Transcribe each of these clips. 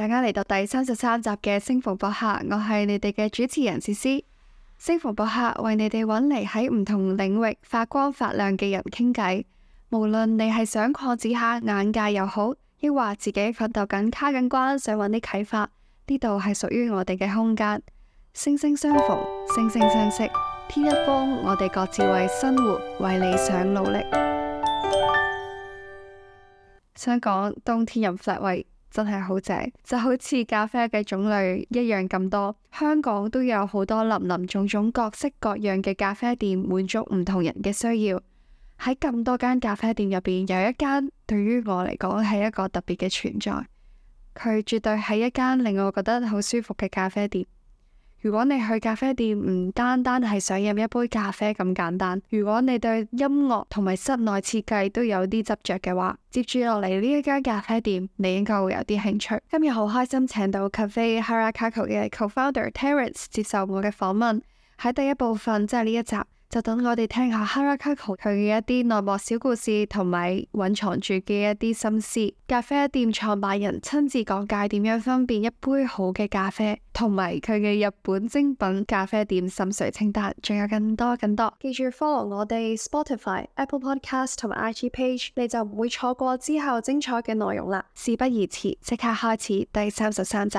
大家嚟到第三十三集嘅星逢博客，我係你哋嘅主持人詩詩。星逢博客為你哋揾嚟，喺唔同領域發光發亮嘅人傾偈，無論你係想擴展下眼界又好，抑或自己奮鬥緊卡緊關想揾啲啟發，呢度，係屬於我哋嘅空間。惺惺相逢，惺惺相惜，天一方，我哋各自為生活為理想努力。想講冬天飲 Flat White 真係好正，就好似咖啡嘅種類一樣咁多。香港都有好多林林種種各式各樣嘅咖啡店，滿足唔同人嘅需要。喺咁多間咖啡店入邊，有一間對於我嚟講係一個特別嘅存在。佢絕對係一間令我覺得好舒服嘅咖啡店。如果你去咖啡店唔單單係想飲一杯咖啡咁簡單，如果你對音樂同埋室內設計都有啲執着嘅話，接住落嚟呢一間咖啡店，你應該會有啲興趣。今日好開心請到 Cafe Harakako 嘅 Co-founder Terrence 接受我嘅訪問，喺第一部分即係呢一集。就等我哋聽下 Harakako 佢嘅一啲內幕小故事同埋隱藏住嘅一啲心思。咖啡店創辦人親自講解點樣分辨一杯好嘅咖啡，同埋佢嘅日本精品咖啡店心水清單，仲有更多更多。記住 follow 我哋 Spotify、Apple Podcast 同埋 IG page，你就唔會錯過之後精彩嘅內容啦。事不宜遲，即刻開始第三十三集。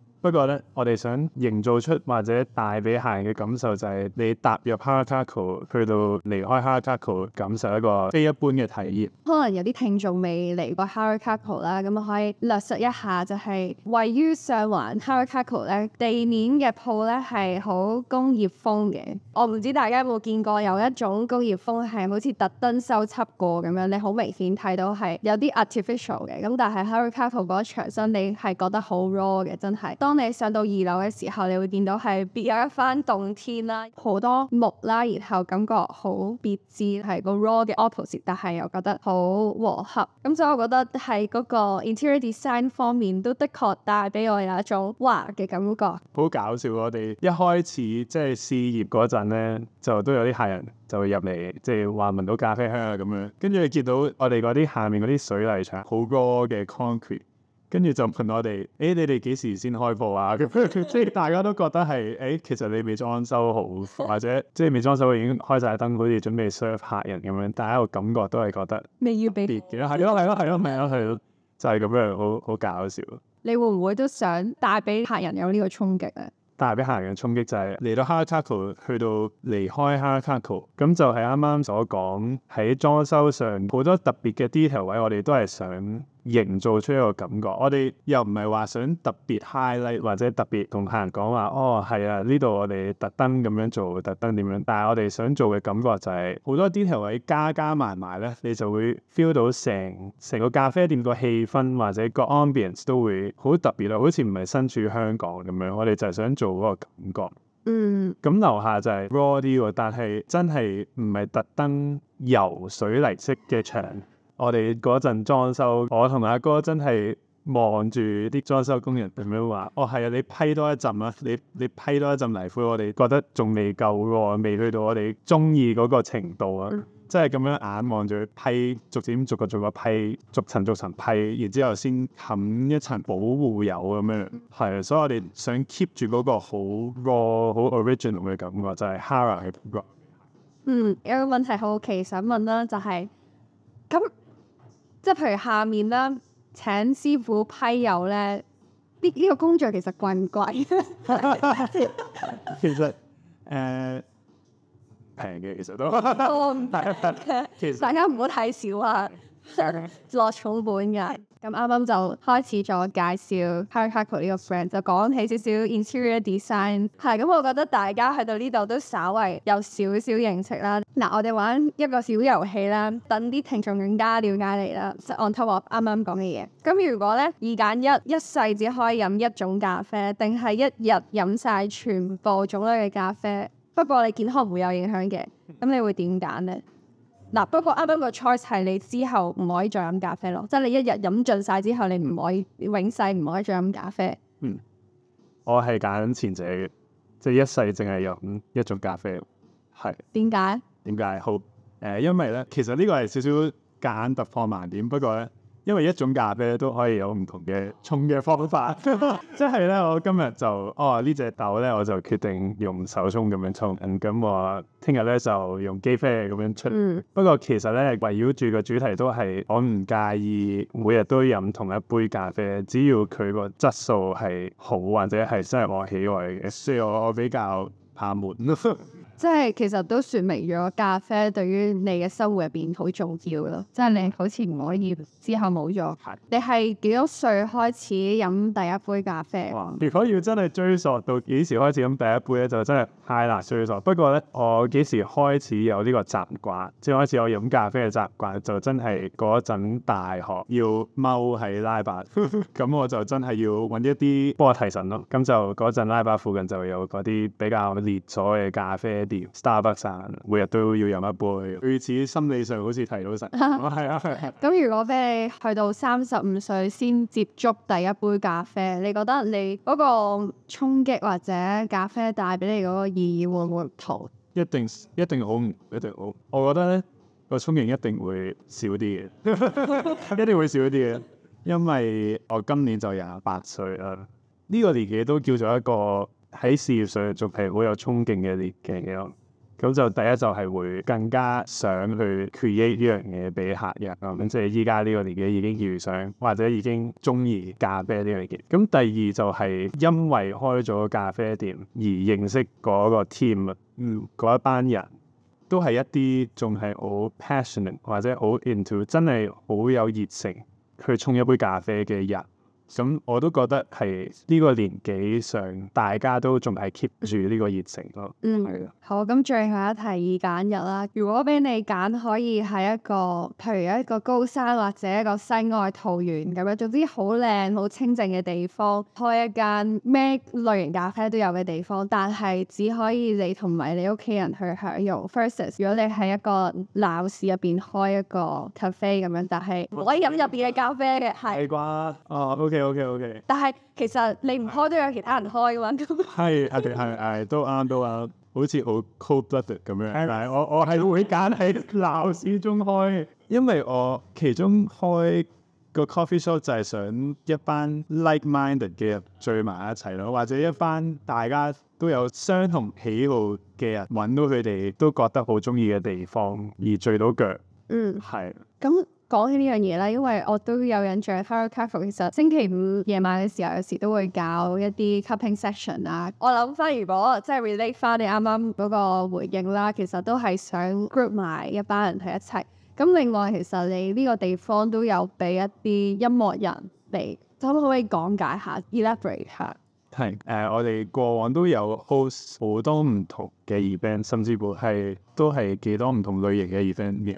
不過咧，我哋想營造出或者帶俾客人嘅感受就係你踏入 Harakako 去到離開 Harakako，感受一個非一般嘅體驗。可能有啲聽眾未嚟過 Harakako 啦，咁可以略述一下、就是，就係位於上環 Harakako 咧，地面嘅鋪咧係好工業風嘅。我唔知大家有冇見過有一種工業風係好似特登修葺過咁樣，你好明顯睇到係有啲 artificial 嘅。咁但係 Harakako 嗰場身你係覺得好 raw 嘅，真係。當你上到二樓嘅時候，你會見到係別有一番洞天啦、啊，好多木啦，然後感覺好別致，係個 raw 嘅 opposite，但係又覺得好和合。咁所以，我覺得喺嗰個 interior design 方面，都的確帶俾我有一種哇嘅感覺。好搞笑！我哋一開始即係試業嗰陣咧，就都有啲客人就會入嚟，即係話聞到咖啡香啊咁樣。跟住你見到我哋嗰啲下面嗰啲水泥牆，好多嘅 concrete。跟住就問我哋，誒、欸、你哋幾時先開鋪啊？咁即係大家都覺得係誒、欸，其實你未裝修好，或者即係未裝修好已經開晒燈，好似準備 serve 客人咁樣。大家個感覺都係覺得未要別嘅，係咯，係咯，係咯，係咯，係咯，就係、是、咁樣，好好搞笑。你會唔會都想帶俾客人有呢個衝擊咧？帶俾客人嘅衝擊就係嚟到 Harakako，去到離開 Harakako，咁就係啱啱所講喺裝修上好多特別嘅 detail 位，我哋都係想。營造出一個感覺，我哋又唔係話想特別 highlight 或者特別同客人講話，哦，係啊，呢度我哋特登咁樣做，特登點樣？但係我哋想做嘅感覺就係、是、好多 detail 位加加埋埋咧，你就會 feel 到成成個咖啡店個氣氛或者個 ambience 都會好特別咯，好似唔係身處香港咁樣。我哋就係想做嗰個感覺。嗯。咁樓下就係 raw o 啲喎，但係真係唔係特登游水泥色嘅牆。我哋嗰陣裝修，我同阿哥，哥真係望住啲裝修工人咁樣話，哦係啊，你批多一陣啊，你你批多一陣泥灰，我哋覺得仲未夠喎，未去到我哋中意嗰個程度啊！即係咁樣眼望住佢批，逐漸逐，逐個逐個批，逐層逐層批，然之後先冚一層保護油咁樣。係啊、嗯，所以我哋想 keep 住嗰個好 raw、好 original 嘅感覺，就係、是、Hara 去 rock。嗯，有個問題好奇想問啦、啊，就係、是、咁。即係譬如下面啦，請師傅批油咧，啲、這、呢個工序其實貴唔貴？ 其實誒平嘅，uh, 其實都其實 大家唔好太少啊， 落重本㗎。咁啱啱就開始咗介紹 Harakako 呢個 friend，就講起少少 interior design，係咁、嗯嗯，我覺得大家去到呢度都稍微有少少認識啦。嗱、嗯，我哋玩一個小遊戲啦，等啲聽眾更加了解你啦，即係 on top of 啱啱講嘅嘢。咁、嗯、如果呢，二揀一，一世只可以飲一種咖啡，定係一日飲晒全部種類嘅咖啡？不過你健康唔會有影響嘅，咁、嗯、 你會點揀呢？嗱，不過啱啱個 choice 係你之後唔可以再飲咖啡咯，即係你一日飲盡晒之後，你唔可以永世唔可以再飲咖啡。嗯，我係揀前者嘅，即係一世淨係飲一種咖啡。係點解？點解？好，誒、呃，因為咧，其實呢個係少少揀突破盲點，不過咧。因為一種咖啡都可以有唔同嘅沖嘅方法，即係咧，我今日就哦呢隻豆咧，我就決定用手沖咁樣沖，咁我聽日咧就用機啡咁樣出。嗯、不過其實咧，圍繞住個主題都係我唔介意每日都飲同一杯咖啡，只要佢個質素係好或者係真係我喜愛嘅。所以我比較怕悶 即係其實都說明咗咖啡對於你嘅生活入邊好重要咯，即係你好似唔可以之後冇咗。你係幾多歲開始飲第一杯咖啡？哇、哦！如果要真係追索到幾時開始飲第一杯咧，就真係太難追索。不過咧，我幾時開始有呢個習慣，即係開始我飲咖啡嘅習慣，就真係嗰陣大學要踎喺拉伯，咁 我就真係要揾一啲幫我提神咯。咁就嗰陣拉伯附近就有嗰啲比較烈咗嘅咖啡。Starbucks 每日都要飲一杯，類似心理上好似提到神。係啊，咁如果俾你去到三十五歲先接觸第一杯咖啡，你覺得你嗰個衝擊或者咖啡帶俾你嗰個意義會唔會唔同？ 一定一定好，一定好。我覺得咧個衝勁一定會少啲嘅， 一定會少啲嘅，因為我今年就廿八歲啦，呢個年紀都叫做一個。喺事業上仲係好有衝勁嘅年嘅咯，咁就第一就係會更加想去 create 呢樣嘢俾客人，咁即係依家呢個年紀已經遇上，或者已經中意咖啡呢樣嘢。咁第二就係因為開咗咖啡店而認識嗰個 team，嗯，嗰一班人都係一啲仲係好 passionate 或者好 into，真係好有熱誠去沖一杯咖啡嘅人。咁我都覺得係呢個年紀上，大家都仲係 keep 住呢個熱情咯。嗯，係。好，咁最後一題二揀一啦。如果俾你揀，可以喺一個譬如一個高山或者一個世外桃源咁樣，總之好靚好清靜嘅地方，開一間咩類型咖啡都有嘅地方，但係只可以你同埋你屋企人去享用。Versus 如果你喺一個鬧市入邊開一個咖啡咁樣，但係唔可以飲入邊嘅咖啡嘅，係。 係啩。哦，OK。O K，O K。但係其實你唔開都有其他人開噶嘛。係，係，係，都啱，都啱。好似好 cold blooded 咁樣，但係我我係會揀喺鬧市中開。因為我其中開個 coffee shop 就係想一班 like minded 嘅人聚埋一齊咯，或者一班大家都有相同喜好嘅人揾到佢哋都覺得好中意嘅地方而聚到腳。嗯，係。咁。講起呢樣嘢啦，因為我都有印象 Harakako 其實星期五夜晚嘅時候，有時都會搞一啲 cupping session 啊。我諗翻如果即係 relate 翻你啱啱嗰個回應啦，其實都係想 group 埋一班人去一齊。咁另外其實你呢個地方都有俾一啲音樂人嚟，可唔可以講解下、elaborate 下？係誒、呃，我哋過往都有 host 好多唔同嘅 event，甚至乎係都係幾多唔同類型嘅 event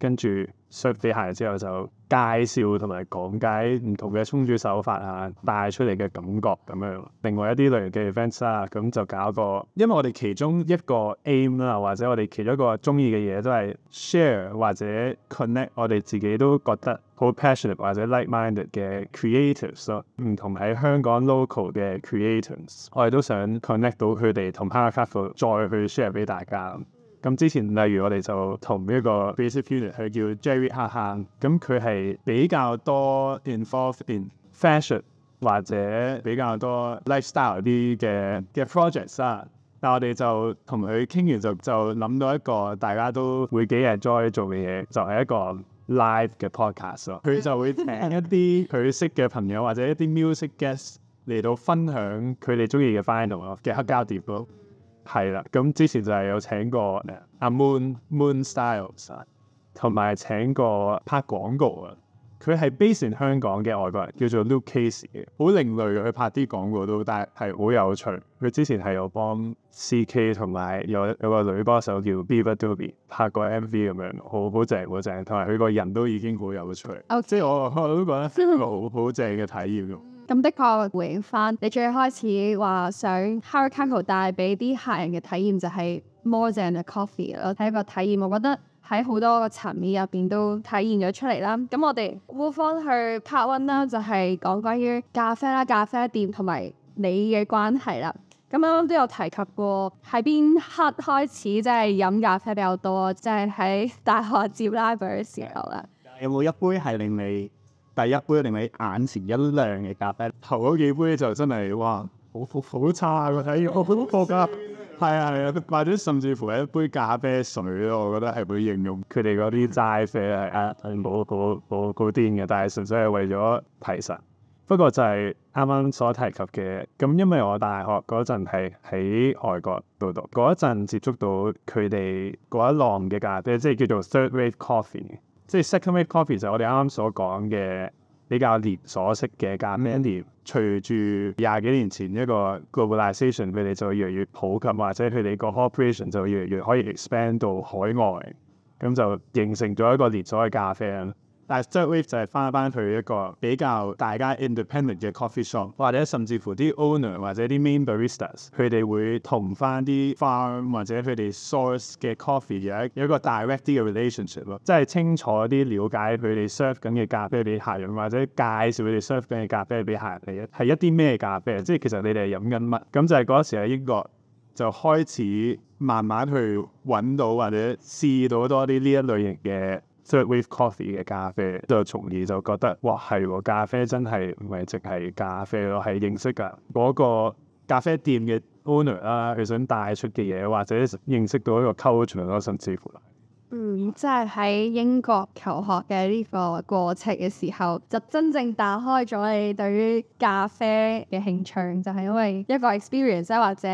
跟住著地鞋之後，就介紹同埋講解唔同嘅沖煮手法啊，帶出嚟嘅感覺咁樣。另外一啲類型嘅 events 啦，咁就搞個，因為我哋其中一個 aim 啦，或者我哋其中一個中意嘅嘢都係 share 或者 connect。我哋自己都覺得好 passionate 或者 like-minded 嘅 creatives 咯，唔同喺香港 local 嘅 creators，我哋都想 connect 到佢哋同 Harakako cafe 再去 share 俾大家。咁之前，例如我哋就同呢一個 basic unit，佢叫 Jerry Hassan 咁佢係比較多 involved in fashion 或者比較多 lifestyle 啲嘅嘅 projects 啊。但我哋就同佢傾完就就諗到一個大家都會幾 enjoy 做嘅嘢，就係、是、一個 live 嘅 podcast 佢、啊、就會請一啲佢識嘅朋友或者一啲 music guest 嚟到分享佢哋中意嘅 final 嘅、啊、黑膠碟、啊係啦，咁之前就係有請過阿 Moon Moon Styles，同埋、啊、請過拍廣告啊。佢係 based 喺香港嘅外國人，叫做 Luke Casey 嘅，好另類嘅。佢拍啲廣告都，但係好有趣。佢之前係有幫 CK 同埋有有個女歌手叫 Babadubi 拍過 MV 咁樣，好好正好正。同埋佢個人都已經好有趣。啊、即係我都覺得 feel 好好正嘅體驗。咁的確回應翻，你最開始話想 Harakako 帶俾啲客人嘅體驗就係 More than a coffee 咯，係、這、一個體驗，我覺得喺好多個層面入邊都體現咗出嚟啦。咁我哋 move 去 part one 啦，就係講關於咖啡啦、咖啡店同埋你嘅關係啦。咁啱啱都有提及過，喺邊刻開始即係飲咖啡比較多，即係喺大學接 library 嘅時候啦。有冇一杯係令你？第一杯令你眼前一亮嘅咖啡，頭嗰幾杯就真係哇，好好差個體驗，好破格。係啊係啊，或、哎、者、啊、甚至乎係一杯咖啡水咯，我覺得係會形容佢哋嗰啲齋啡係啊，冇冇冇高嘅，uh, die, 但係純粹係為咗提神。不過就係啱啱所提及嘅，咁因為我大學嗰陣係喺外國度讀，嗰陣接觸到佢哋嗰一浪嘅咖啡，即、就、係、是、叫做 third wave coffee。即係 secondhand coffee 就係我哋啱啱所講嘅比較連鎖式嘅咖啡店。Mm hmm. 隨住廿幾年前一個 globalization 佢哋就會越嚟越普及，或者佢哋個 operation 就越嚟越可以 expand 到海外，咁就形成咗一個連鎖嘅咖啡。S 但 third wave 就係翻一翻佢一個比較大家 independent 嘅 coffee shop，或者甚至乎啲 owner 或者啲 main baristas，佢哋會同翻啲 farm 或者佢哋 source 嘅 coffee 有一個 direct 嘅 relationship 咯，即係清楚啲了解佢哋 serve 緊嘅咖啡俾客人，或者介紹佢哋 serve 緊嘅咖啡俾客人睇一係一啲咩咖啡，即係其實你哋係飲緊乜，咁就係嗰時喺英國就開始慢慢去揾到或者試到多啲呢一類型嘅。即係 Third Wave Coffee 嘅咖啡，就從而就覺得哇係喎，咖啡真係唔係淨係咖啡咯，係認識㗎嗰個咖啡店嘅 owner 啦，佢想帶出嘅嘢，或者認識到一個 culture 咯，甚至乎嗯，即係喺英國求學嘅呢個過程嘅時候，就真正打開咗你對於咖啡嘅興趣，就係因為一個 experience，或者。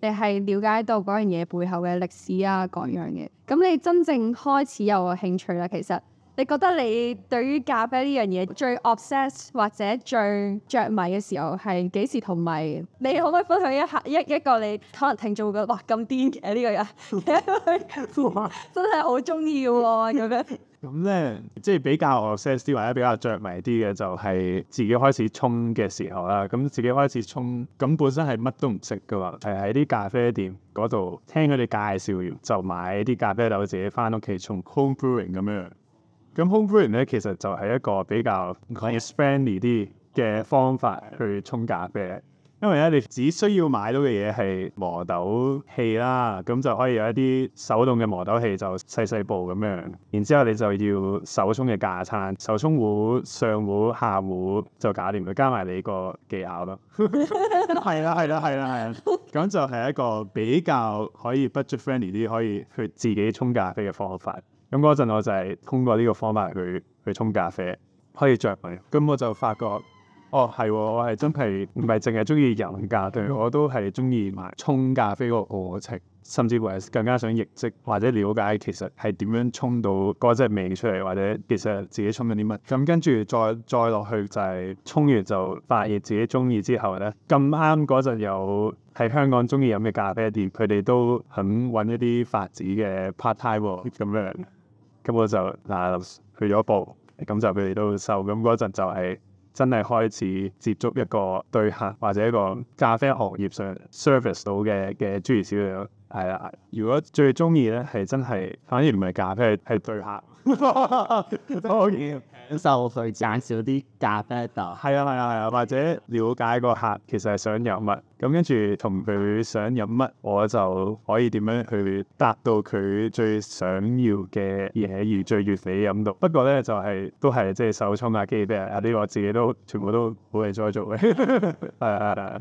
你係了解到嗰樣嘢背後嘅歷史啊，各樣嘅，咁你真正開始有個興趣啦，其實。你覺得你對於咖啡呢樣嘢最 obsess 或者最着迷嘅時候係幾時同，同埋你可唔可以分享一下一一個你可能聽眾會覺得「哇，咁癲嘅呢個人？ 真係好中意喎咁樣。咁咧即係比較 obsess 啲或者比較着迷啲嘅，就係自己開始沖嘅時候啦。咁自己開始沖，咁本身係乜都唔識嘅嘛。係喺啲咖啡店嗰度聽佢哋介紹，就買啲咖啡豆自己翻屋企沖 cold brewing 咁樣。咁 homebrewing 咧，其實就係一個比較 friendly 啲嘅方法去沖咖啡，因為咧你只需要買到嘅嘢係磨豆器啦，咁就可以有一啲手動嘅磨豆器，就細細部咁樣。然之後你就要手沖嘅架撐，手沖壺、上壺、下壺就搞掂佢，加埋你個技巧咯。 係啦，係啦，係啦，係啦，咁就係一個比較可以 budget friendly 啲，可以去自己沖咖啡嘅方法。咁嗰陣我就係通過呢個方法去去沖咖啡，可以著迷。咁我就發覺，哦係、哦，我係真係唔係淨係中意飲咖啡，我都係中意埋沖咖啡個過程，甚至乎係更加想認識或者了解其實係點樣沖到嗰隻味出嚟，或者其實自己沖緊啲乜。咁跟住再再落去就係沖完就發現自己中意之後咧，咁啱嗰陣有喺香港中意飲嘅咖啡店，佢哋都肯揾一啲發子嘅 part time 咁、哦、樣。咁我就嗱去咗一步，咁就佢哋都收。咁陣就係真係開始接觸一個對客或者一個咖啡行業上 service 到嘅嘅諸如此類咯，係啦，如果最中意咧，係真係反而唔係咖啡，係對客。可以享受佢，減少啲咖啡豆。係 啊，係啊，係啊，啊，或者了解個客其實係想飲乜，咁跟住同佢想飲乜，我就可以點樣去達到佢最想要嘅嘢，而最越尾飲到。不過咧，就係、係、都係即係手沖啊，機啡啊，呢個我自己都全部都好嘅，在做嘅。係係。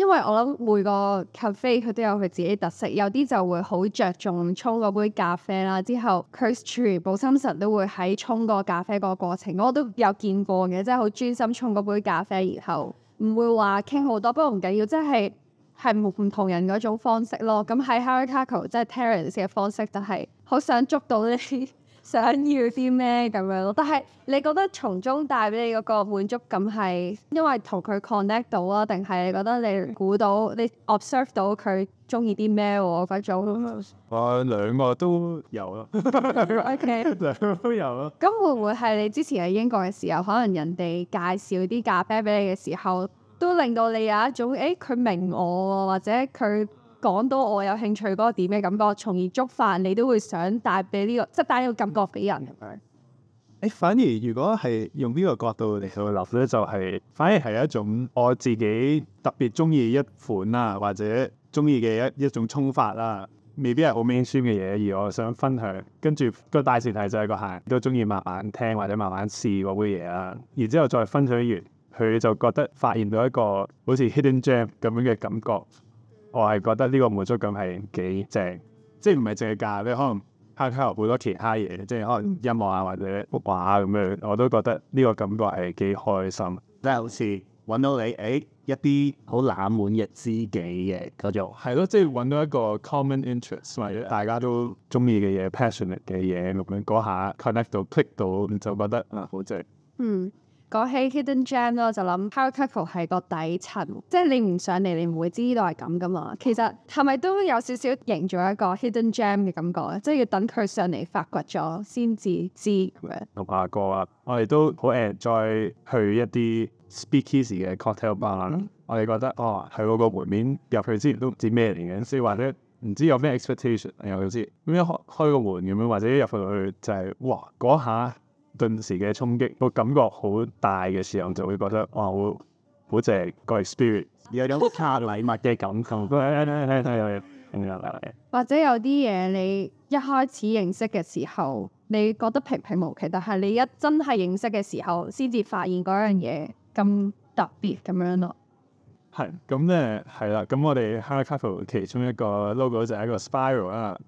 因為我諗每個 cafe 佢都有佢自己特色，有啲就會好着重沖嗰杯咖啡啦。之後 Chris Tree 保心神都會喺沖個咖啡嗰個過程，我都有見過嘅，即係好專心沖嗰杯咖啡，然後唔會話傾好多。不過唔緊要，即係係唔同人嗰種方式咯。咁喺 Harakako 即係 Terence 嘅方式，就係好想捉到你。想要啲咩咁樣咯，但係你覺得從中帶俾你嗰個滿足感係因為同佢 connect 到啊，定係你覺得你估到你 observe 到佢中意啲咩我嗰種？我覺得、啊、兩個都有咯。 OK，兩個都有咯。咁會唔會係你之前喺英國嘅時候，可能人哋介紹啲咖啡俾你嘅時候，都令到你有一種誒佢、哎、明我或者佢？講到我有興趣嗰個點嘅感覺，從而觸發你都會想帶俾呢個，即係帶呢個感覺俾人咁樣。誒、哎，反而如果係用呢個角度嚟去立咧，就係、是、反而係一種我自己特別中意一款啦，或者中意嘅一一種沖法啦。未必係好 mainstream 嘅嘢，而我想分享。跟住、那個大前提就係個客都中意慢慢聽或者慢慢試嗰杯嘢啦。然之後再分享完，佢就覺得發現到一個好似 hidden gem 咁樣嘅感覺。我係覺得呢個滿足感係幾正，即係唔係淨係教，即係可能喺佢學好多其他嘢，即係可能音樂啊或者畫咁樣，我都覺得呢個感覺係幾開心。即係好似揾到你，誒、哎、一啲好冷門嘅知己嘅嗰種。係咯，即係揾到一個 common interest 或者大家都中意嘅嘢，passionate 嘅嘢咁樣嗰下 connect 到 click 到，就覺得啊好正。嗯。講起 hidden gem 咯，我就諗 power couple 係個底層，即係你唔上嚟，你唔會知道係咁噶嘛。其實係咪都有少少營造一個 hidden gem 嘅感覺咧？即係要等佢上嚟發掘咗先至知咁樣。同阿哥啊，我哋都好誒，再去一啲 speakeasy 嘅 cocktail bar，嗯、我哋覺得哦，去嗰個門面入去之前都唔知咩嚟嘅，所以或者唔知有咩 expectation 又點先？咁樣開開個門咁樣，或者入去就係、是、哇嗰下。頓時嘅衝擊，個感覺好大嘅時候，就會覺得哇，好好正個 spirit，有種拆禮物嘅感受。 或者有啲嘢你一開始認識嘅時候，你覺得平平無奇，但係你一真係認識嘅時候，先至發現嗰樣嘢咁特別咁樣咯。係咁咧，係啦。咁我哋 Harakako 其中一個 logo 就係一個 spiral 啦。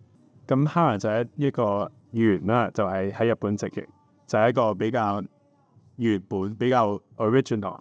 咁 Hara 就係一個圓啦，就係、是、喺日本直譯。就係一個比較原本、比較 original、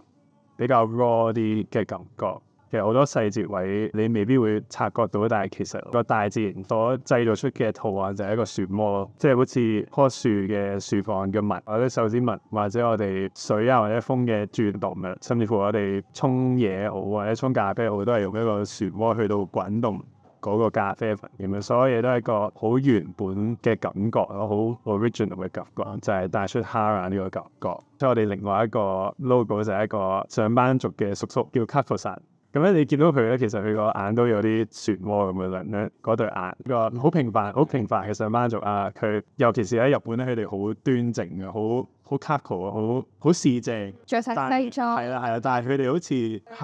比較 raw 啲嘅感覺。其實好多細節位你未必會察覺到，但係其實個大自然所製造出嘅圖案就係一個漩渦咯。即係好似棵樹嘅樹房嘅紋，或者手指紋，或者我哋水啊或者風嘅轉動物，甚至乎我哋沖嘢好或者沖咖啡好，都係用一個漩渦去到滾動。嗰個咖啡粉咁樣，所有嘢都係個好原本嘅感覺，咯好 original 嘅感覺，就係、是、帶出 Hara 呢個感覺。即係我哋另外一個 logo 就係一個上班族嘅叔叔，叫卡夫薩。咁咧、嗯，你見到佢咧，其實佢個眼都有啲漩渦咁嘅樣咧，嗰對眼個好平凡、好平凡嘅上班族啊。佢尤其是喺日本咧，佢哋好端正啊，好好卡酷啊，好好市正着晒西裝，係啦係啦，但係佢哋好似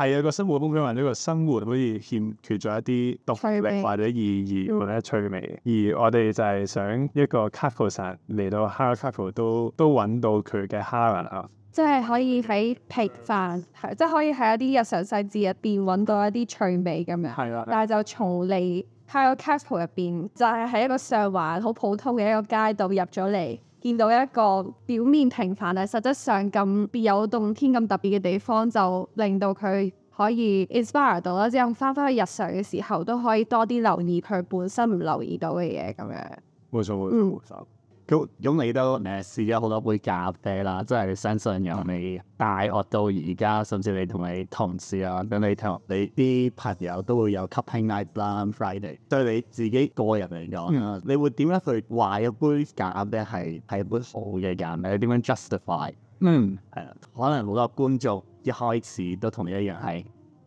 係啊個生活風格或者個生活好似欠缺咗一啲獨立力味或者意義、嗯、或者趣味。而我哋就係想一個卡酷神嚟到哈卡酷都都揾到佢嘅 Hara 啊！即係可以喺平凡，係、即係、可以喺一啲日常細節入邊揾到一啲趣味咁樣。係啊。但係就從你喺個 castle 入邊，就係、係、喺一個上環好普通嘅一個街道入咗嚟，見到一個表面平凡但係實質上咁別有洞天咁特別嘅地方，就令到佢可以 inspire 到啦。之後翻返去日常嘅時候，都可以多啲留意佢本身唔留意到嘅嘢咁樣。冇錯，冇錯。咁你都誒試咗好多杯咖啡啦，即係相信由你大學到而家，甚至你同你同事啊，等你同你啲朋友都會有 cupping night 啦，Friday。對你自己個人嚟講，嗯、你會點樣去話 一杯咖啡係一杯好嘅咖啡？你點樣 justify？嗯，係啦，可能好多觀眾一開始都同你一樣係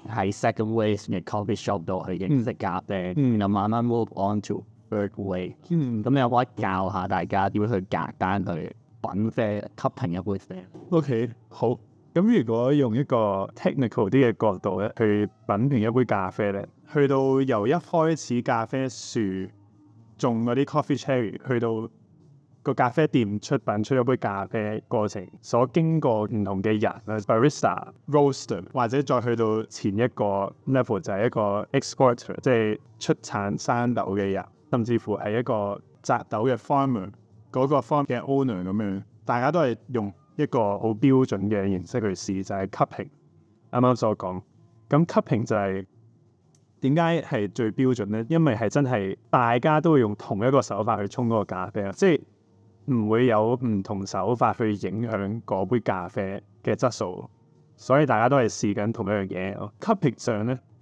喺 second wave 嘅 coffee shop 度去認識咖啡，然後、嗯嗯、慢慢 move on 住。誒嗯，咁你有冇得教下大家點樣去簡單去品啡、品評一杯啡？O K，好。咁如果用一個 technical 啲嘅角度咧，去品評一杯咖啡咧，去到由一開始咖啡樹種嗰啲 coffee cherry，去到個咖啡店出品出一杯咖啡過程，所經過唔同嘅人啊，barista、roaster，或者再去到前一個 level 就係一個 exporter，即係出產山頭嘅人。甚至乎係一個雜豆嘅 farmer，嗰個 farm 嘅 owner 咁樣，大家都係用一個好標準嘅形式去試，就係 cupping。啱啱所講，咁 cupping 就係點解係最標準咧？因為係真係大家都會用同一個手法去沖嗰個咖啡啊，即係唔會有唔同手法去影響嗰杯咖啡嘅質素，所以大家都係試緊同一樣嘢。cupping 上咧。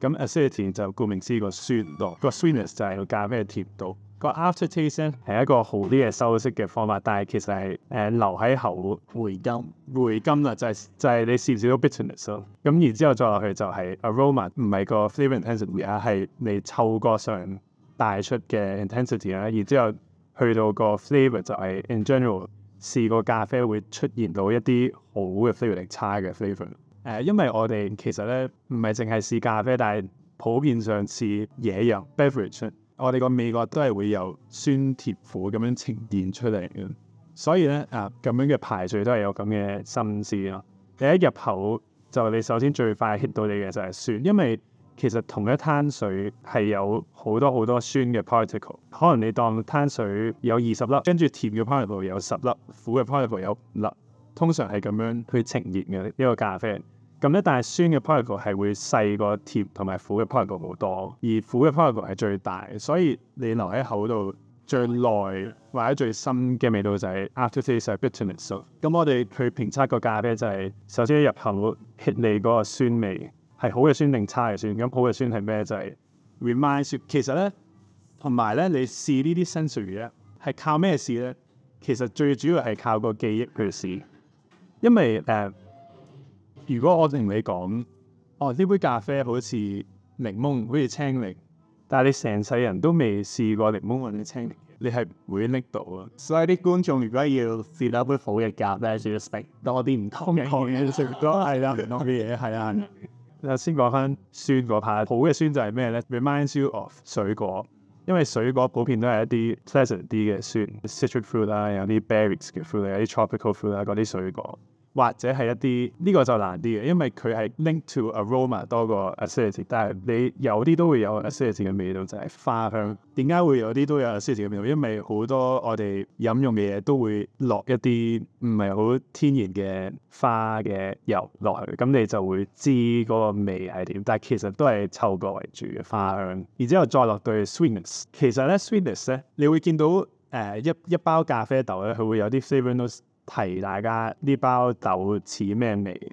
咁 acidity 就顧名思義個酸度，個 sweetness 就係個咖啡嘅甜度，個 aftertaste 係一個好啲嘅修飾嘅方法，但係其實係誒、呃、留喺喉回甘，回甘啦就係、是、就係你試唔試到 bitterness 咯。咁然之後再落去就係 aroma，唔係個 flavor intensity intensity，啊，係你嗅覺上帶出嘅 intensity 啦。然之後去到個 flavor 就係 in general 試個咖啡會出現到一啲好嘅 flavor 定差嘅 flavor。誒，因為我哋其實咧唔係淨係試咖啡，但係普遍上試嘢飲 beverage，我哋個味覺都係會有酸、甜、苦咁樣呈現出嚟嘅。所以咧啊，咁樣嘅排序都係有咁嘅心思咯。你一入口就你首先最快 hit 到你嘅就係酸，因為其實同一攤水係有好多好多酸嘅 particle，可能你當攤水有二十粒，跟住甜嘅 particle 有十粒，苦嘅 particle 有五粒，通常係咁樣去呈現嘅呢個咖啡。咁咧，但係酸嘅 particle 係會細過甜同埋苦嘅 particle 好多，而苦嘅 particle 係最大，所以你留喺口度最耐或者最深嘅味道就係 aftertaste 嘅 bitterness 咁 Yeah.、so, 我哋去評測個咖啡就係、是、首先入口會 hit 你嗰個酸味係好嘅酸定差嘅酸？咁好嘅酸係咩？就係、是、remind 其實咧，同埋咧，你試呢啲 sensory 嘢係靠咩試咧？其實最主要係靠個記憶去試，因為誒。Uh, 如果我同你講，哦，呢杯咖啡好似檸檬，好似青檸，但係你成世人都未試過檸檬或青檸，你係唔會拎到啊！所以啲觀眾如果要試一杯好嘅咖啡，就要多啲唔同嘅嘢食多係啦，唔同嘅嘢係啦。先講翻酸嗰 part，好嘅酸就係咩咧？Reminds you of 水果，因為水果普遍都係一啲 pleasant 啲嘅酸，citrus fruit 啊，啲 berries 嘅 fruit 啊，啲 tropical fruit 啊，嗰啲水果。或者係一啲呢、呢個就難啲嘅，因為佢係 link to aroma 多過 acidity。但係你有啲都會有 acidity 嘅味道，就係、是、花香。點解會有啲都會有 acidity 嘅味道？因為好多我哋飲用嘅嘢都會落一啲唔係好天然嘅花嘅油落去，咁你就會知嗰個味係點。但係其實都係臭過為主嘅花香，然之後再落對 sweetness。其實咧 sweetness 咧，你會見到誒、呃、一一包咖啡豆咧，佢會有啲 savouriness 提大家呢包豆似咩味？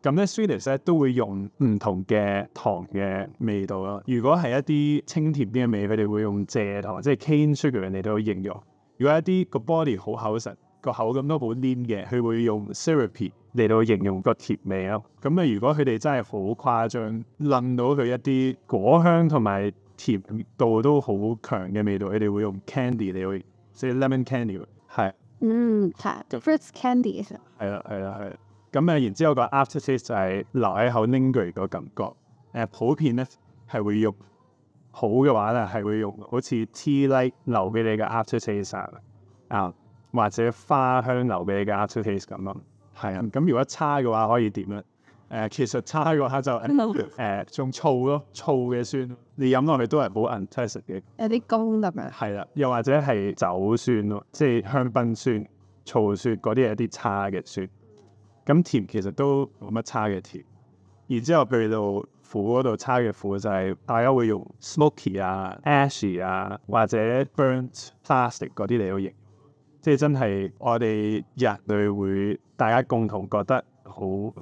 咁咧，sweetness 咧都會用唔同嘅糖嘅味道咯。如果係一啲清甜啲嘅味，佢哋會用蔗糖，即係 cane sugar 嚟到形容。如果一啲個 body 好厚實，個口感都好黏嘅，佢會用 syrupy 嚟到形容個甜味咯。咁啊，如果佢哋真係好誇張，撚到佢一啲果香同埋甜度都好強嘅味道，佢哋會用 candy 嚟到，即 lemon candy，係。嗯，係，fruits candy 其實係啦，係啦，係。咁誒，然之後個 aftertaste 就係留喺口 linger 個感覺。誒，普遍咧，係會用好嘅話咧，係會用好似 tea like 留俾你嘅 aftertaste 啊，或者花香留俾你嘅 aftertaste 咁咯。係啊，咁如果差嘅話可以點咧？誒、呃、其實差嘅話就係誒仲醋咯，醋嘅酸，你飲落嚟都係好 interesting 嘅。有啲攻㗎？係啦，又或者係酒酸咯，即係香檳酸、醋酸嗰啲係一啲差嘅酸。咁甜其實都冇乜差嘅甜。然之後譬如到苦嗰度，差嘅苦就係、是、大家會用 smoky 啊、ashy 啊或者 burnt plastic 嗰啲嚟到形容。即係真係我哋人類會大家共同覺得。好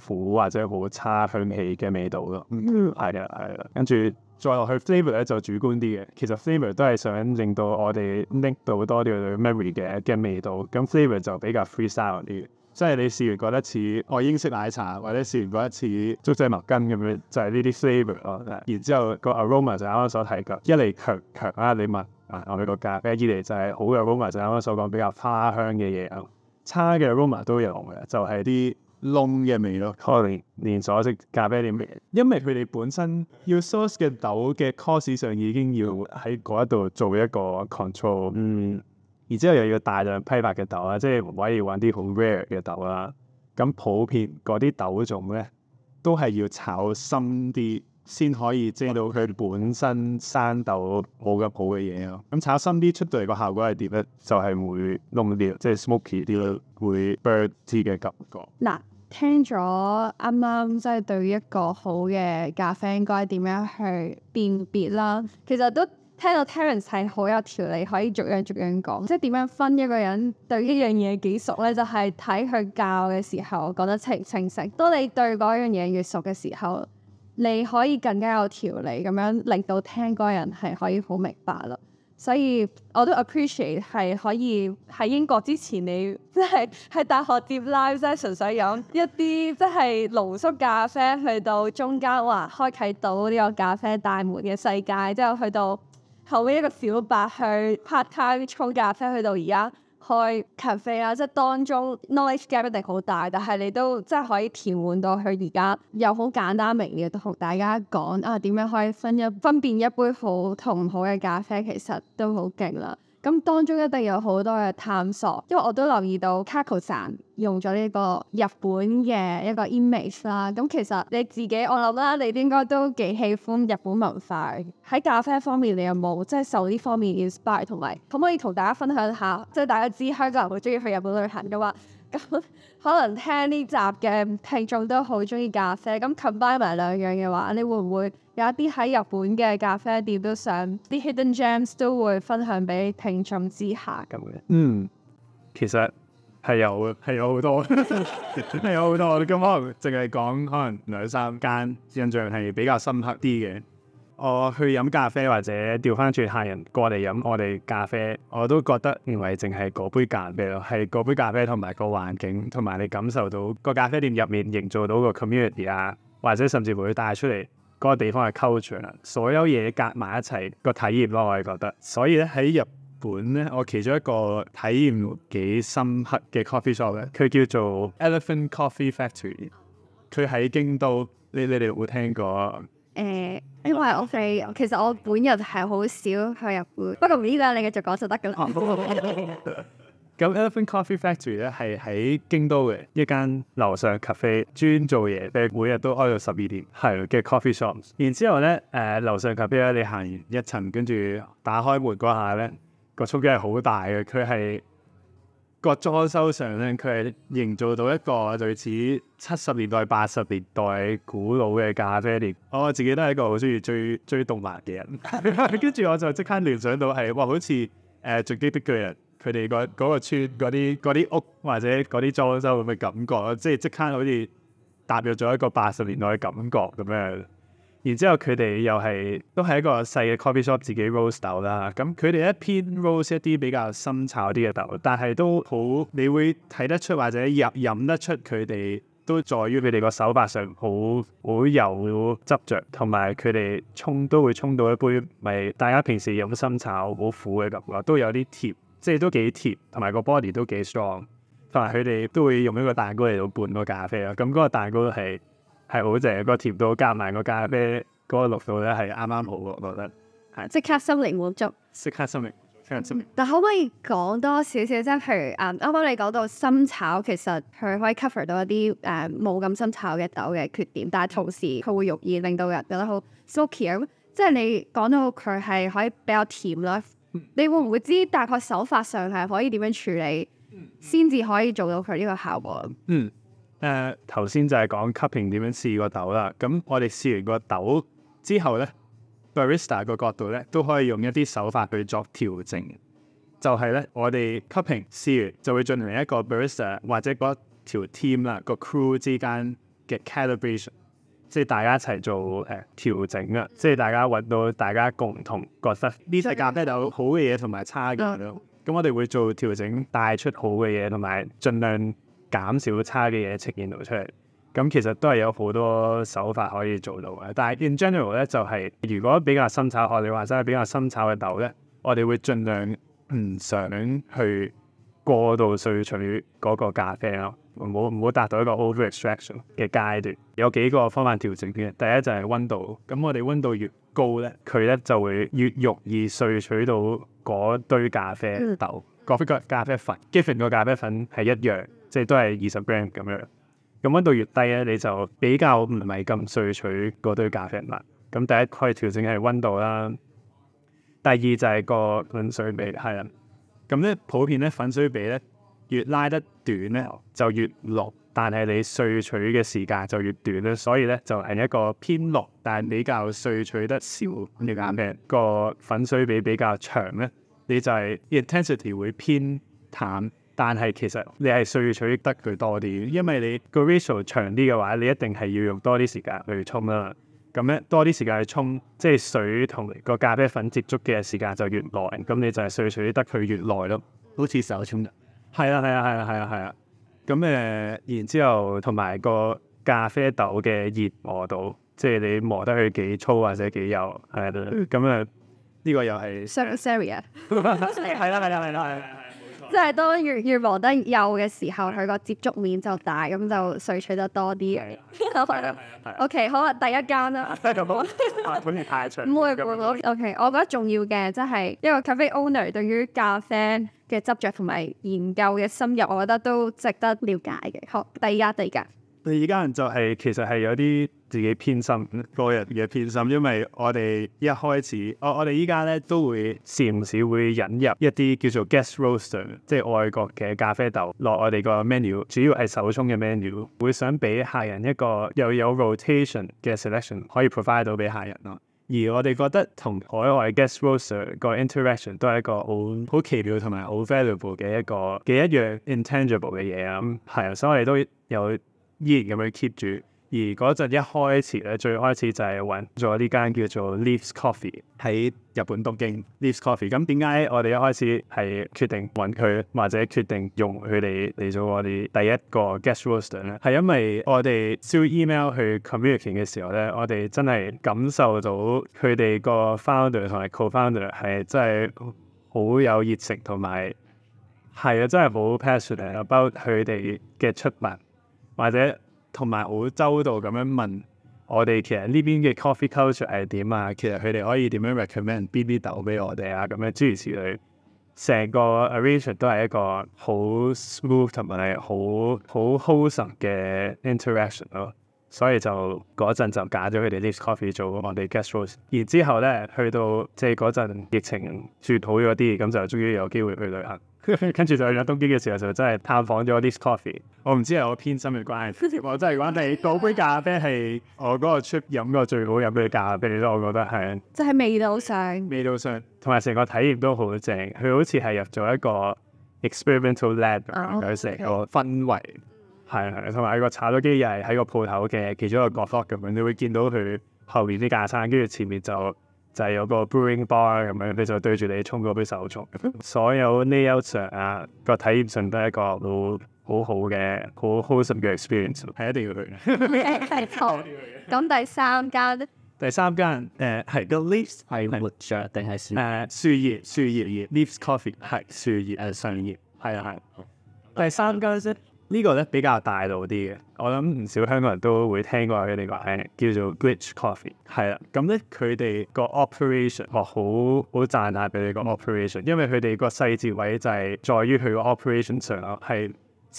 苦或者好差香氣嘅味道咯，係啦係啦，跟住再落去 flavor 咧就主觀啲嘅。其實 flavor 都係想令到我哋拎到多啲 memory 嘅嘅味道，咁 flavor 就比較 freestyle 啲，即係你試完覺得似愛英式奶茶，或者試完嗰一次竹蔗茅根咁樣，就係呢啲 flavor 咯。然之後、這個 aroma 就啱啱所提及，一嚟強強啊，你問啊落去個價，第二就係、是、好嘅 aroma，就啱啱所講比較花香嘅嘢啊，差嘅 aroma 都有嘅，就係啲。窿嘅味咯，可能連鎖式咖啡店味，因為佢哋本身要 source 嘅豆嘅 cost 上已經要喺嗰一度做一個 control，嗯，然之後又要大量批發嘅豆啊，即係揾要揾啲好 rare 嘅豆啦。咁普遍嗰啲豆種咧，都係要炒深啲先可以蒸到佢本身生豆冇咁好嘅嘢咯。咁炒深啲出到嚟個效果係點咧？就係、是、會濃啲，即係 smoky 啲咯，會 burnt 啲嘅感覺。嗱。聽咗啱啱即係對於一個好嘅咖啡應該點樣去辨別啦，其實都聽到 Terence 係好有條理，可以逐樣逐樣講，即係點樣分一個人對一樣嘢幾熟咧，就係睇佢教嘅時候講得清唔清晰。當你對嗰樣嘢越熟嘅時候，你可以更加有條理咁樣，令到聽嗰個人係可以好明白咯。所以我都 appreciate 係可以喺英國之前你，你即係喺大學 dip life 咧，純粹飲一啲即係濃縮咖啡，去到中間哇，開啟到呢個咖啡大門嘅世界，之後去到後尾一個小白去 part time 拍卡沖咖啡，去到而家。開 cafe 啦。é, 即係當中 knowledge gap 一定好大，但係你都即係可以填滿到佢，而家又好簡單明瞭，同大家講啊點樣可以分一分辨一杯好同唔好嘅咖啡，其實都好勁啦～咁當中一定有好多嘅探索，因為我都留意到 Hakako さん用咗呢個日本嘅一個 image 啦。咁其實你自己我諗啦，你應該都幾喜歡日本文化。喺咖啡方面你，你有冇即係受呢方面 inspire？同埋可唔可以同大家分享下？即係大家知香港人好中意去日本旅行嘅話。咁 可能聽呢集嘅聽眾都好中意咖啡，咁 combine 埋兩樣嘅話，你會唔會有一啲喺日本嘅咖啡店都想啲 hidden gems 都會分享俾聽眾之下咁樣？嗯，其實係有嘅，係有好多，係 有好多。我哋咁可能淨係講可能兩三間印象係比較深刻啲嘅。我去飲咖啡或者調翻轉客人過嚟飲我哋咖啡，我都覺得唔係淨係嗰杯咖啡咯，係嗰杯咖啡同埋個環境，同埋你感受到個咖啡店入面營造到個 community 啊，或者甚至會帶出嚟嗰個地方嘅 culture 啊，所有嘢夾埋一齊個體驗咯，我係覺得。所以咧喺日本咧，我其中一個體驗幾深刻嘅 coffee shop 咧，佢叫做 Elephant Coffee Factory，佢喺京都，你你哋會聽過？誒，因為我其實我本人係好少去日本，不過呢個你繼續講就得㗎喇。咁 Elephant Coffee Factory 咧係喺京都嘅一間樓上咖啡，專做嘢，係每日都開到十二點，係嘅 coffee shops。然之後咧，誒、呃、樓上咖啡咧，你行完一層，跟住打開門嗰下咧，這個噪音係好大嘅，佢係。個裝修上咧，佢係營造到一個類似七十年代、八十年代古老嘅咖啡店。我自己都係一個好中意追追動漫嘅人，跟 住我就即刻聯想到係哇，好似誒《進、呃、擊的巨人》佢哋嗰嗰個村嗰啲啲屋或者嗰啲裝修咁嘅感覺，即係即刻好似踏入咗一個八十年代嘅感覺咁樣。然之後佢哋又係都係一個細嘅 coffee shop，自己 roast 豆啦。咁佢哋一偏 roast 一啲比較深炒啲嘅豆，但係都好，你會睇得出或者入飲得出佢哋都在於佢哋個手法上好好有執着，同埋佢哋沖都會沖到一杯咪大家平時飲深炒好苦嘅感覺，都有啲甜，即係都幾甜，同埋個 body 都幾 strong。同埋佢哋都會用一個蛋糕嚟到拌個咖啡咯。咁嗰個蛋糕係。係好正，個甜度加埋個咖啡嗰、嗰個濃度咧，係啱啱好，我覺得。即刻心靈滿足。即刻心靈，非常心靈。嗯、但可唔可以講多少少？即係譬如，嗯，啱啱你講到深炒，其實佢可以 cover 到一啲誒冇咁深炒嘅豆嘅缺點，但係同時佢會容易令到人覺得好 smoky 啊。即係你講到佢係可以比較甜啦，你會唔會知大概手法上係可以點樣處理，先至可以做到佢呢個效果？嗯。誒頭先就係講 cupping 點樣試,豆試個豆啦，咁我哋試完個豆之後咧，barista 個角度咧都可以用一啲手法去作調整，就係、是、咧我哋 cupping 試完就會進行一個 barista 或者嗰條 team 啦，個 crew 之間嘅 calibration，即係大家一齊做誒、呃、調整啊，即係大家揾到大家共同覺得呢隻 咖啡豆好嘅嘢同埋差嘅嘢咯，咁 我哋會做調整帶出好嘅嘢同埋盡量。減少差嘅嘢呈現到出嚟，咁其實都係有好多手法可以做到嘅。但係 in general 咧，就係、是、如果比較深炒，我哋話齋係比較深炒嘅豆咧，我哋會盡量唔想去過度萃取嗰個咖啡咯，唔好唔好達到一個 over extraction 嘅階段。有幾個方法調整嘅，第一就係温度。咁我哋温度越高咧，佢咧就會越容易萃取到嗰堆咖啡豆，嗯、咖啡粉，even 個咖啡粉係一樣。即係都係二十 g r 咁樣，咁温度越低咧，你就比較唔係咁萃取嗰堆咖啡粒。咁第一可以調整係温度啦，第二就係、是、個水粉水比係啦。咁咧普遍咧粉水比咧越拉得短咧就越落，但係你萃取嘅時間就越短啦，所以咧就係一個偏落但係比較萃取得少嘅咖啡。個粉水比比較長咧，你就係 intensity 會偏淡。但係其實你係萃取得佢多啲，因為你個 ratio 長啲嘅話，你一定係要用多啲時間去沖啦。咁、嗯、咧多啲時間去沖，即係水同個咖啡粉接觸嘅時間就越耐，咁你就係萃取得佢越耐咯。好似手沖 啊？係啦係啦係啦係啦係咁，誒，然之後同埋個咖啡豆嘅研磨度，即係你磨得佢幾粗或者幾幼，係啦。咁，誒呢個又係。Surface area 啦係啦係啦係。 即係當越越磨得幼嘅時候，佢個接觸面就大，咁就萃取得多啲。係啊，係啊，係啊。O K，好啊，第一間啦。第 本嚟太長。咁我 O K，我覺得重要嘅即係一個咖啡 owner 對於咖啡嘅執着同埋研究嘅深入，我覺得都值得了解嘅。好，第二間，第二間。第二間就係、係、其實係有啲，自己偏心，個人嘅偏心，因為我哋一開始，我我哋依家咧都會時唔時會引入一啲叫做 guest roaster，即係外國嘅咖啡豆落我哋個 menu，主要係手沖嘅 menu，會想俾客人一個又有 rotation 嘅 selection，可以 provide 到俾客人咯。而我哋覺得同海外 guest roaster 個 interaction 都係一個好好奇妙同埋好 valuable 嘅一個嘅一樣 intangible 嘅嘢啊，係，嗯，所以我哋都有依然咁樣 keep 住。而嗰陣一開始咧，最開始就係揾咗呢間叫做 Leaves Coffee 喺日本東京 Leaves Coffee。咁點解我哋一開始係決定揾佢，或者決定用佢哋嚟做我哋第一個 Guest roster 呢？係因為我哋 through email 去 communication 嘅時候咧，我哋真係感受到佢哋個 founder 同埋 co-founder 係真係好有熱誠同埋，係啊真係好 passionate about 佢哋嘅出版，或者。同埋好周到咁樣問 我哋，其實呢邊嘅 coffee culture 係點啊？其實佢哋可以點樣 recommend 邊啲豆俾我哋啊？咁樣諸如此類，成個 arrangement 都係一個好 smooth 同埋係好好 wholesome 嘅 interaction 咯。所以就嗰陣就揀咗佢哋呢啲 coffee 做我哋 guest roast。然之後咧，去到即係嗰陣疫情轉好咗啲，咁就終於有機會去旅行。 跟住就去咗東京嘅時候就真係探訪咗啲 coffee。我唔知係我偏心嘅關係， 我真係話你嗰杯咖啡係我嗰個 trip 飲過最好飲嘅咖啡咧，我覺得係。即係味道上，味道上，同埋成個體驗都好正。佢好似係入咗一個 experimental lab 咁，成個氛圍係係，同埋 個炒豆機又係喺個鋪頭嘅其中一個角落咁樣，你會見到佢後面啲架撐，跟住前面就。就係有個 brewing bar 咁樣，你就對住你衝嗰杯手沖。所有 nature 啊個體驗上都一個都好好嘅，好開心嘅 experience。係一定要去嘅，係咁第三間咧、呃啊嗯嗯嗯嗯，第三間誒係 The Leaves，係活著定係樹誒樹葉樹葉葉 Leaves Coffee 係樹葉誒上葉，係啊係。第三間先。個呢個呢比較大路啲嘅，我諗唔少香港人都會聽過佢哋個名，叫做 Glitch Coffee，係啦。咁咧佢哋個 operation 我好好讚下，佢哋個 operation，因為佢哋個細節位就係在於佢個 operation 上係超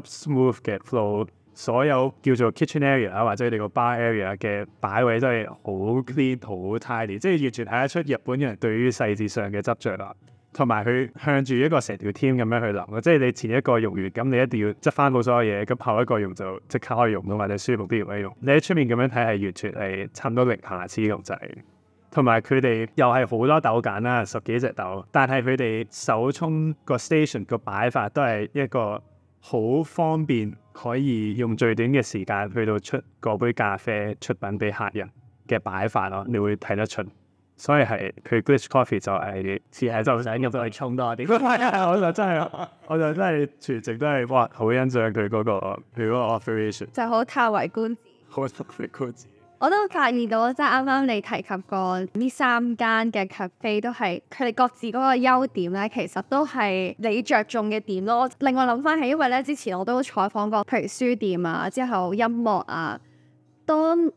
級 smooth 嘅 flow。所有叫做 kitchen area 啊，或者你個 bar area 嘅擺位都係好 clean、好 tidy，即係完全睇得出日本人對於細節上嘅執着啦。同埋佢向住一個成條 team 咁樣去諗咯，即係你前一個用完，咁你一定要執翻好所有嘢，咁後一個用就即刻可以用到或者舒服啲可以用。你喺出面咁樣睇係完全係差唔多零瑕疵咁滯，同埋佢哋又係好多豆揀啦，十幾隻豆，但係佢哋手沖個 station 個擺法都係一個好方便可以用最短嘅時間去到出嗰杯咖啡出品俾客人嘅擺法咯，你會睇得出。所以係，佢 Glitch Coffee 就係似係就想入去沖多啲。 我就真係，我就真係全程都係，哇！好欣賞佢嗰個，譬如嗰個 Operation，就好嘆為觀止。好為觀止。 我都發現到，即係啱啱你提及過呢三間嘅咖啡都係佢哋各自嗰個優點咧，其實都係你着重嘅點咯。另外起，諗翻係因為咧，之前我都採訪過，譬如書店啊，之後音樂啊，當。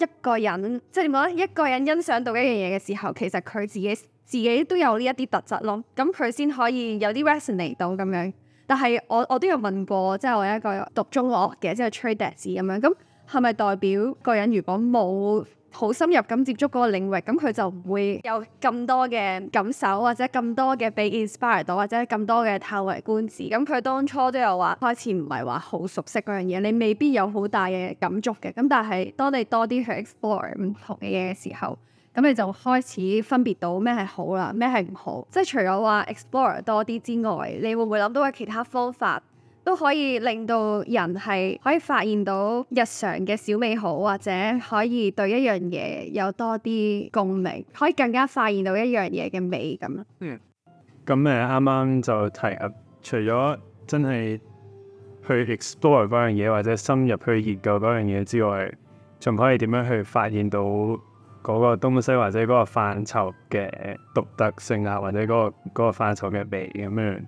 一個人即係點講咧？就是、一個人欣賞到一樣嘢嘅時候，其實佢自己自己都有呢一啲特質咯。咁佢先可以有啲 resonate 到咁樣。但係我我都有問過，即、就、係、是、我一個讀中樂嘅，即係吹笛子咁樣，咁係咪代表個人如果冇好深入咁接觸嗰個領域，咁佢就唔會有咁多嘅感受，或者咁多嘅被 inspire 到，或者咁多嘅嘆為觀止。咁佢當初都有話開始唔係話好熟悉嗰樣嘢，你未必有好大嘅感觸嘅。咁但係當你多啲去 explore 唔同嘅嘢嘅時候，咁你就開始分別到咩係好啦，咩係唔好。即係除咗話 explore 多啲之外，你會唔會諗到有其他方法？都可以令到人係可以發現到日常嘅小美好，或者可以對一樣嘢有多啲共鳴，可以更加發現到一樣嘢嘅美咁咯，嗯嗯。嗯，咁誒啱啱就提，除咗真係去 explore 嗰樣嘢，或者深入去研究嗰樣嘢之外，仲可以點樣去發現到嗰個東西或者嗰個範疇嘅獨特性啊，或者嗰個嗰個範疇嘅美咁樣。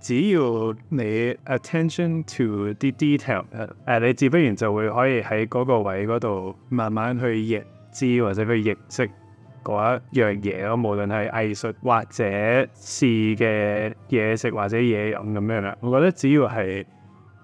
只要你 attention to 啲 detail，誒、uh，你自不然就會可以喺嗰個位嗰度慢慢去認知或者去認識嗰一樣嘢咯。無論係藝術或者試嘅嘢食或者嘢飲咁樣啦，我覺得只要係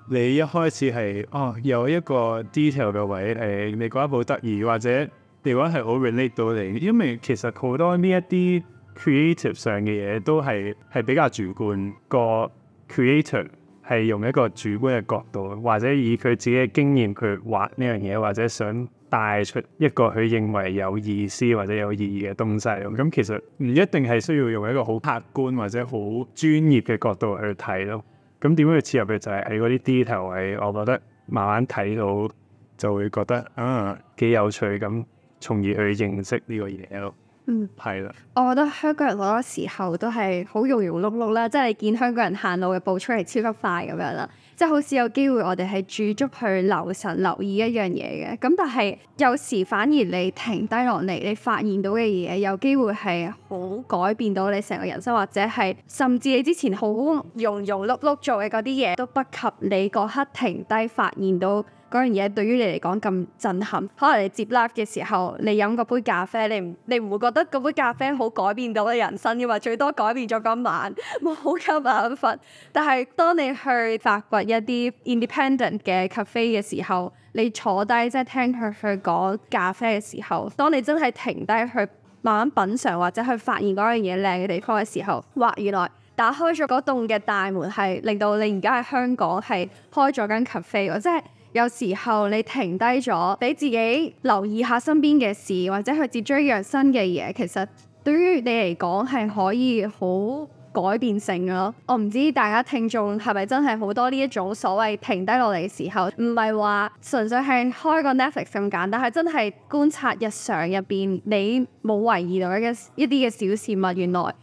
你一開始係哦有一個 detail 嘅位，誒你覺得好得意，或者你覺得係好 relate 到你，因為其實好多呢一啲。creative 上嘅嘢都係係比較主觀，個 creator 係用一個主觀嘅角度，或者以佢自己嘅經驗去畫呢樣嘢，或者想帶出一個佢認為有意思或者有意義嘅東西咯。咁其實唔一定係需要用一個好客觀或者好專業嘅角度去睇咯。咁點樣去切入去？就係、是、喺嗰啲 detail 位，我覺得慢慢睇到就會覺得啊幾有趣，咁從而去認識呢個嘢咯。嗯，係啦的。我覺得香港人好多時候都係好庸庸碌碌啦，即係你見香港人行路嘅步速係超級快咁樣啦，即係好似有機會我哋係駐足去留神留意一樣嘢嘅，咁但係有時反而你停低落嚟，你發現到嘅嘢有機會係好改變到你成個人生，或者係甚至你之前好庸庸碌碌做嘅嗰啲嘢，都不及你嗰刻停低發現到。嗰樣嘢對於你嚟講咁震撼，可能你接 live 嘅時候，你飲嗰杯咖啡，你唔你唔會覺得嗰杯咖啡好改變到你人生噶嘛？最多改變咗今晚冇咁眼瞓。但係當你去發掘一啲 independent 嘅 cafe 嘅時候，你坐低即係聽佢去講咖啡嘅時候，當你真係停低去慢慢品嚐或者去發現嗰樣嘢靚嘅地方嘅時候，哇！原來打開咗嗰棟嘅大門係令到你而家喺香港係開咗間 cafe，即係～有時候你停低咗，俾自己留意下身邊嘅事，或者去接觸一樣新嘅嘢，其實對於你嚟講係可以好改變性咯。我唔知大家聽眾係咪真係好多呢一種所謂停低落嚟嘅時候，唔係話純粹係開個 Netflix 咁簡單，係真係觀察日常入邊你冇懷疑到嘅一啲嘅小事物，原來。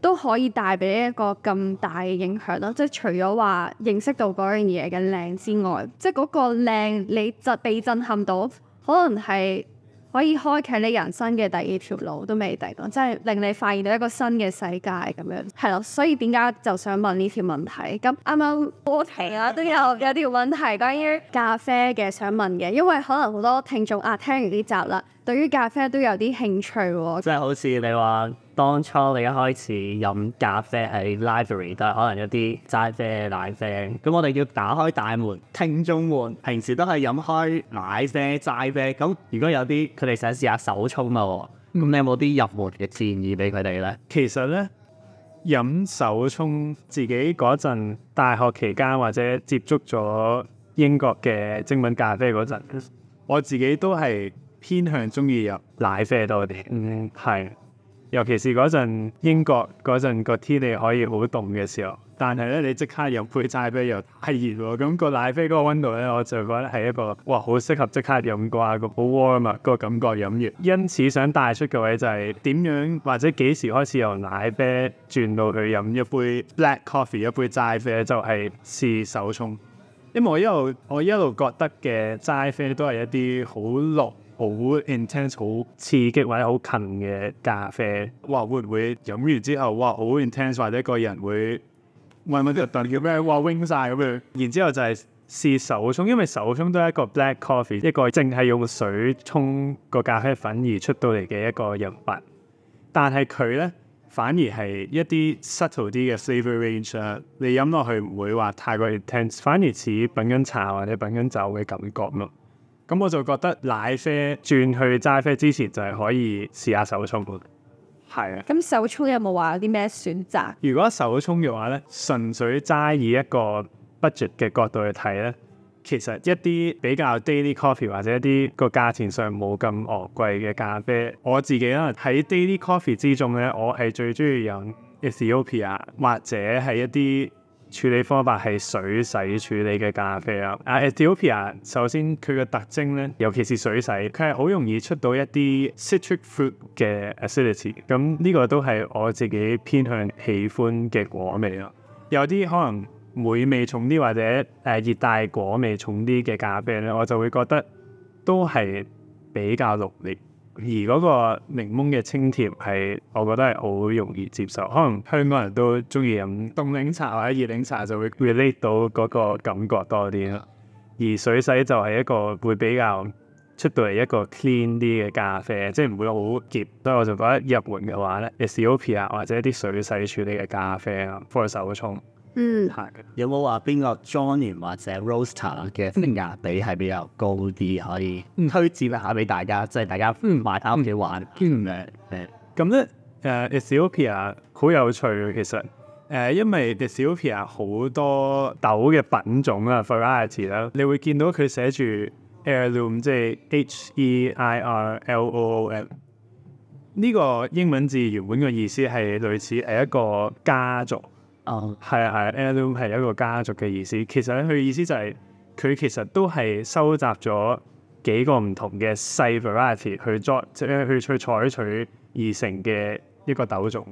都可以帶俾一個咁大嘅影響咯，即係除咗話認識到嗰樣嘢嘅靚之外，即係嗰個靚你就被震撼到，可能係可以開啟你人生嘅第二條路都未定咯，即係令你發現到一個新嘅世界咁樣，係咯。所以點解就想問呢條問題？咁啱啱波婷啊都有有條問題關於咖啡嘅想問嘅，因為可能好多聽眾啊聽完呢集啦，對於咖啡都有啲興趣喎，即係好似你話。當初你一開始飲咖啡喺 library，都係可能一啲齋啡奶、奶啡。咁我哋要打開大門、聽眾門。平時都係飲開奶啡、齋啡。咁如果有啲佢哋想試下手沖啊，咁、嗯、你有冇啲入門嘅建議俾佢哋咧？其實咧飲手沖，自己嗰陣大學期間或者接觸咗英國嘅精品咖啡嗰陣，是我自己都係偏向中意入奶啡多啲。嗯，係。尤其是嗰陣英國嗰陣個天氣可以好凍嘅時候，但係咧你即刻飲杯齋啡又太熱喎，咁個奶啡嗰個溫度咧，我就覺得係一個哇好適合即刻飲啩，個好 warm 啊嘛，個感覺飲完。因此想帶出嘅位就係點樣或者幾時開始由奶啡轉到去飲一杯 black coffee，一杯齋啡就係試手沖，因為我一路我一路覺得嘅齋啡都係一啲好濃。好、oh, intense、oh.、好刺激或者好近嘅咖啡，哇會唔會飲完之後，哇、wow, 好、oh, intense 或者個人會喂，乜乜叫咩？哇 wing 曬咁樣。然之後就係試手沖，因為手沖都係一個 black coffee，一個淨係用水沖個咖啡粉而出到嚟嘅一個飲物。但係佢咧反而係一啲 subtle 啲嘅 flavour range。你飲落去唔會話太過 intense，反而似品緊茶或者品緊酒嘅感覺咯。咁我就覺得奶啡轉去齋啡之前就係可以試下手沖，係啊的。咁手沖有冇話有啲咩選擇？如果手沖嘅話咧，純粹齋以一個 budget 嘅角度去睇咧，其實一啲比較 daily coffee 或者一啲個價錢上冇咁昂貴嘅咖啡，我自己咧喺 daily coffee 之中咧，我係最中意飲 Ethiopia 啊，或者係一啲。處理方法係水洗處理嘅咖啡啊，Ethiopia 首先佢嘅特徵咧，尤其是水洗，佢係好容易出到一啲 citric fruit 嘅 acidity，咁呢、嗯這個都係我自己偏向喜歡嘅果味咯。有啲可能果味重啲或者誒、啊、熱帶果味重啲嘅咖啡咧，我就會覺得都係比較濃烈。而嗰個檸檬嘅清甜係，我覺得係好容易接受。可能香港人都中意飲凍檸茶或者熱檸茶，就會 relate 到嗰個感覺多啲啦。而水洗就係一個會比較出到嚟一個 clean 啲嘅咖啡，即係唔會好澀。所以我就覺得入門嘅話咧，埃塞俄比亞或者一啲水洗處理嘅咖啡啊，幫手沖。嗯，係有冇話邊個 Johnny h n 或者 Roaster 嘅性價比係比較高啲，可以推薦下俾大家，即、就、係、是、大家買返屋企玩？嗯，誒、嗯，咁咧誒 Ethiopia 好有趣嘅，其實誒，uh, 因為 Ethiopia 好多豆嘅品種啊，variety 啦，你會見到佢寫住 Heirloom，即係 H E I R L O O M，呢、這個英文字原本嘅意思係類似係一個家族。係啊係啊，album 係一個家族嘅意思。其實佢意思就係、是、佢其實都係收集咗幾個唔同嘅細 variety 去 join 即去去採取而成嘅一個豆種。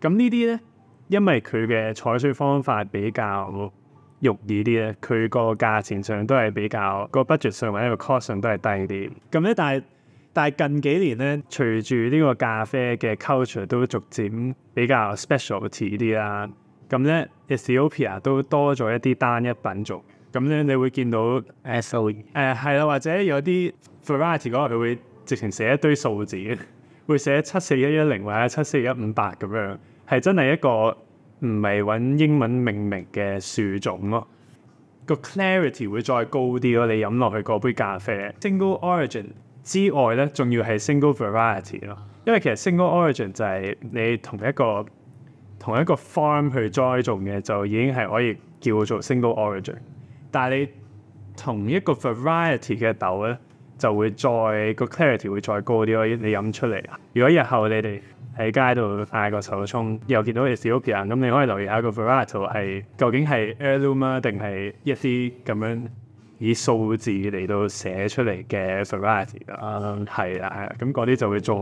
咁、嗯、呢啲咧，因為佢嘅採取方法比較容易啲咧，佢個價錢上都係比較個 budget 上或者個 cost 上都係低啲。咁咧，但係但係近幾年咧，隨住呢個咖啡嘅 culture 都逐漸比較 specialty 啲啦。咁咧，Ethiopia 都多咗一啲單一品種。咁咧，你會見到 S.O.E. 誒係啦，或者有啲 variety 嗰度佢會直情寫一堆數字，會寫七四一一零或者七四一五八咁樣，係真係一個唔係揾英文命名嘅樹種咯。個 clarity 會再高啲咯。你飲落去嗰杯咖啡，single origin 之外咧，仲要係 single variety 咯。因為其實 single origin 就係你同一個。同一個 farm 去栽種嘅就已經係可以叫做 single origin，但係你同一個 variety 嘅豆咧就會再、嗰個 clarity 會再高啲咯，可以你飲出嚟。如果日後你哋喺街度嗌個手沖，又見到你哋 single origin，咁你可以留意一下一個 variety 係究竟係 aluma 定係一啲咁樣以數字嚟到寫出嚟嘅 variety 啊。係、嗯、啊，係啊，咁嗰啲就會再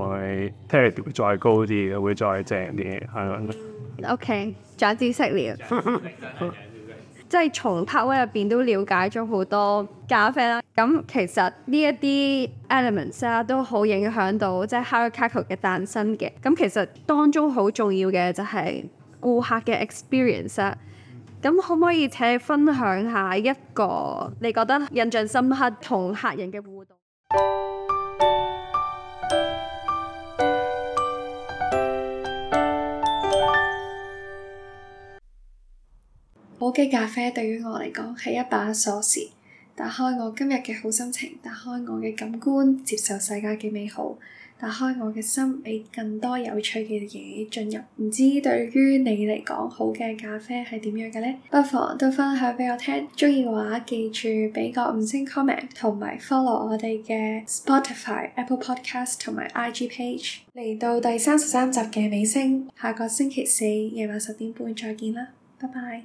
clarity 會再高啲，會再正啲。O K，掌握知識了，即係、okay, 從拍位入邊都了解咗好多咖啡啦。咁其實呢一啲 elements 啊，都好影響到即係 Harakako 嘅誕生嘅。咁其實當中好重要嘅就係顧客嘅 experience 啊。咁可唔可以請分享一下一個你覺得印象深刻同客人嘅互動？ 好嘅咖啡對於我嚟講係一把鎖匙，打開我今日嘅好心情，打開我嘅感官，接受世界嘅美好，打開我嘅心，俾更多有趣嘅嘢進入。唔知對於你嚟講好嘅咖啡係點樣嘅呢？不妨都分享俾我聽，中意嘅話記住畀個五星 comment 同埋 follow 我哋嘅 Spotify、Apple Podcast 同埋 IG page。嚟到第三十三集嘅尾聲，下個星期四夜晚十點半再見啦，拜拜。